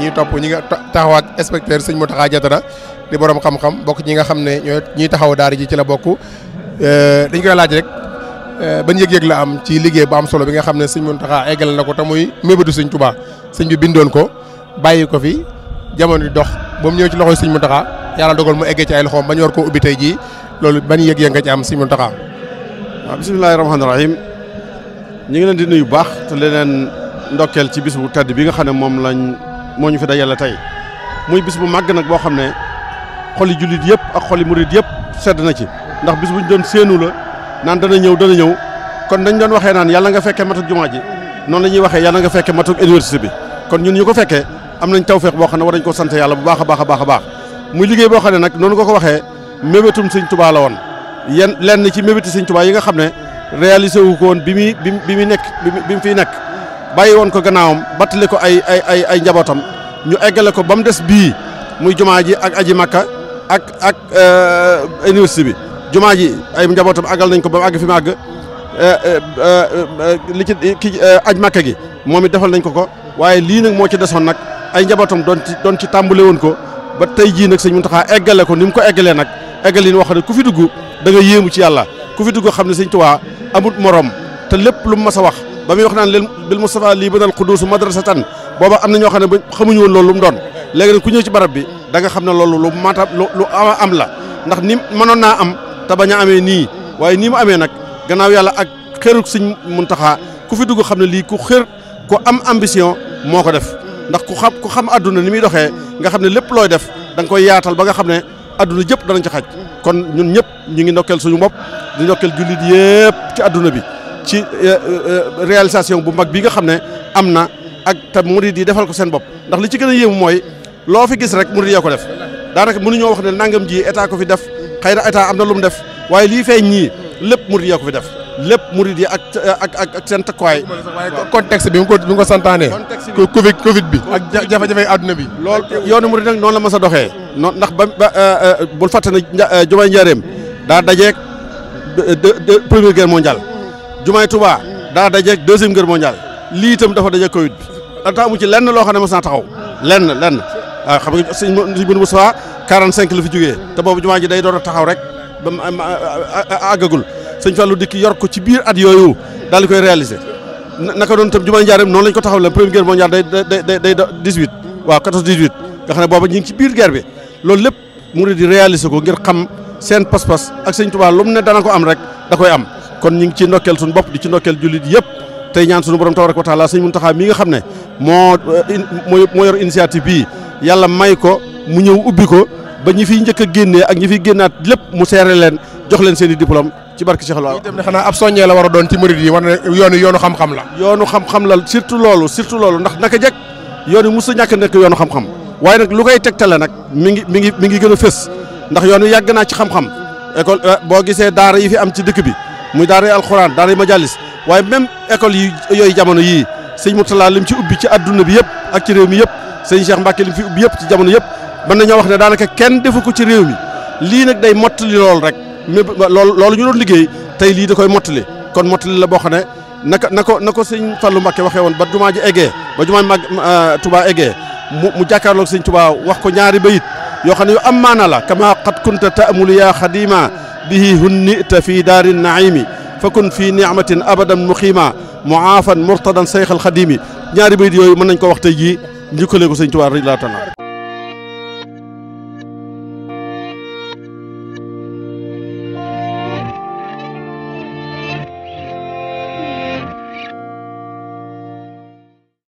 ñiy topp ñi nga taxaw ak inspecteur sëñ Mountakha Diatara di boroom xam-xam bokk ñi nga xam ne ñuy ñiy taxaw daara ji ci la bokk. Euh, dañ koy laaj rek euh, ban yëg-yëg la am ci liggéey bu am solo bi nga xam ne sëñ Mountakha eggal na ko te muy mébétu sëñ Touba sëñ bi bindoon ko bàyyi ko fi jamono di dox ba mu ñëw ci loxoy sëñ Mountakha yàlla dogal mu eggee ci ay loxoom ba ñu war koo ubbi tey jii loolu bañ yëg-yëg nga ci am sëñ Mountakha. waaw bisimilah rahmaani rahim ñu ngi leen di yu baax te leneen ndokkeel ci bis bu tedd bi nga xam ne moom lañ moo ñu fi dajale tey muy bis bu màgg nag boo xam ne xoli jullit yëpp ak xoli murit yëpp sedd na ci ndax bis bu ñu doon séenu la naan dana ñëw dana ñëw kon dañ doon waxee naan yàlla nga fekkee matuk jumaa ji noonu la ñuy waxee nga fekkee matuk université bi kon ñun ñu ko fekkee am nañ tawfeex boo xam ne war nañ ko sant yàlla bu baax a baax a baax a baax muy liggéey boo xam ne nag noonu nga ko waxee mébétum sëñ tubaa la woon yenn lenn ci mébéti sëñ tubaa yi nga xam ne réalisé wu ko woon bi muy bi muy nekk bi mu fiy nekk bàyyi woon ko gannaaw battale ko ay ay ay njabootam ñu eggale ko ba mu des bii muy jumaa ji ak aji makka ak ak euh, université bi jumaa ji ay njabootam àggal nañ ko ba mu àgg fi mu àgg euh, euh, li ci gi moom it defal nañ ko ko waaye lii nag moo ci desoon nag ay njabootam doon ci doon ci woon ko ba tey jii nag mu Muntaxa eggale ko ni mu ko eggalee nag eggalin wax ne ku fi dugg da yéemu ci yàlla ku fi dugg xam ne sëñ Tuubaa amut moroom te lépp lu mu mas a wax ba muy wax naan leen bil Moustapha lii banal quduus tan booba am na ñoo xam ne ba xamuñu woon loolu lu mu doon léegi nag ku ñëw ci barab bi da nga xam ne loolu lu mata lu ama am la ndax ni mënoon naa am te bañ amee nii waaye nii mu amee nag gannaaw yàlla ak xëruk mun taxaa ku fi dugg xam ne lii ku xër ku am ambition moo ko def ndax ku xam ku xam àdduna ni muy doxee nga xam ne lépp looy def danga koy yaatal ba nga xam ne àdduna jëpp danañ ci xaj kon ñun ñëpp ñu ngi ndokkeel suñu bopp di ndokkeel jullit yëpp ci àdduna bi ci euh, euh, euh, réalisation bu mag bi nga xam ne am na ak te murid yi defal ko seen bopp ndax li ci gën a yéemu mooy loo fi gis rek murid yoo ko def daanaka mënuñoo wax ne nangam ji état ko fi def xëy na état am na lu mu def waaye lii feeñ ñii lépp murid yoo ko fi def lépp murid yi ak ak ak seen takkuwaay. contexte bi mu ko bi mu ko santaane. covid covid bi ak jafe-jafe àdduna bi. loolu yoonu murid nag noonu la ma a doxee. noonu ndax ba ba bul fàtte ne Jumaay Njaareem daa dajeeg de de première guerre jumaay Touba daa dajeeg deuxième guerre mondiale lii itam dafa daje Covid bi en ci lenn loo xam ne mos naa taxaw lenn lenn waaw ah, xam nga sëñ Ibn Moussa 45 la fi jógee te boobu jumaa ji day door a taxaw rek ba mu àggagul sëñ Fallou dikk yor ko ci biir at yooyu daal koy réaliser naka doon itam jumaa Njaaréem noonu lañ ko taxaw la première guerre mondiale day day day ñu ngi ci biir guerre bi loolu lépp mu di ko ngir xam seen pas ak sëñ Touba lu mu ne dana ko am rek da koy am. kon ñu ngi ci ndokkeel suñu bopp di ci ndokkeel jullit yëpp tey ñaan suñu borom tabaraka wa taala sëñ Muntaxa mi nga xam ne eh, moo moo yor initiative bii yàlla may ko mu ñëw ubbi ko ba ñi fi njëkk a génnee ak ñi fiy génnaat lépp mu seere leen jox leen seen i diplôme ci barke Cheikh Law xanaa ab soññee la war a doon ci murid yi war na yoonu yoonu xam-xam la la surtout loolu surtout loolu ndax naka jekk yoon yi mos ñàkk nekk yoonu xam-xam waaye nag lu koy tegtale nag mi ngi mi ngi mi ngi gën a fës ndax yoon yàgg naa ci xam-xam école eh, boo gisee daara yi fi am ci dëkk bi muy daaray alxuraan daaray majalis waaye même école yi yooyu jamono yii sëñ Mourtala lim ci ubbi ci àdduna bi yëpp ak ci réew mi yëpp sëñ Cheikh Mbacke lim fi ubbi yëpp ci jamono yëpp mën nañoo wax ne daanaka kenn defu ko ci réew mi lii nag day mottali lool rek mais loolu loolu ñu doon liggéey tey lii da koy mottali kon mottali la boo xam ne naka na ko na ko sëñ Fallou Mbacke waxee woon ba jumaa ji eggee ba jumaa mag ah, tubaa eggee mu mu jàkkaarloog sëñ Touba wax ko ñaari bayit yoo xam ne yu am maana la kama qad kunta taamulu yaa xadima bihi hunnita fi daari naimi fa kun fi niamatin abadan muqima muaafan murtadan seyxal xadimi ñaari bayit yooyu mën nañ ko wax tey jii njukkalee ko sëñ Tuubaa radiallahu taala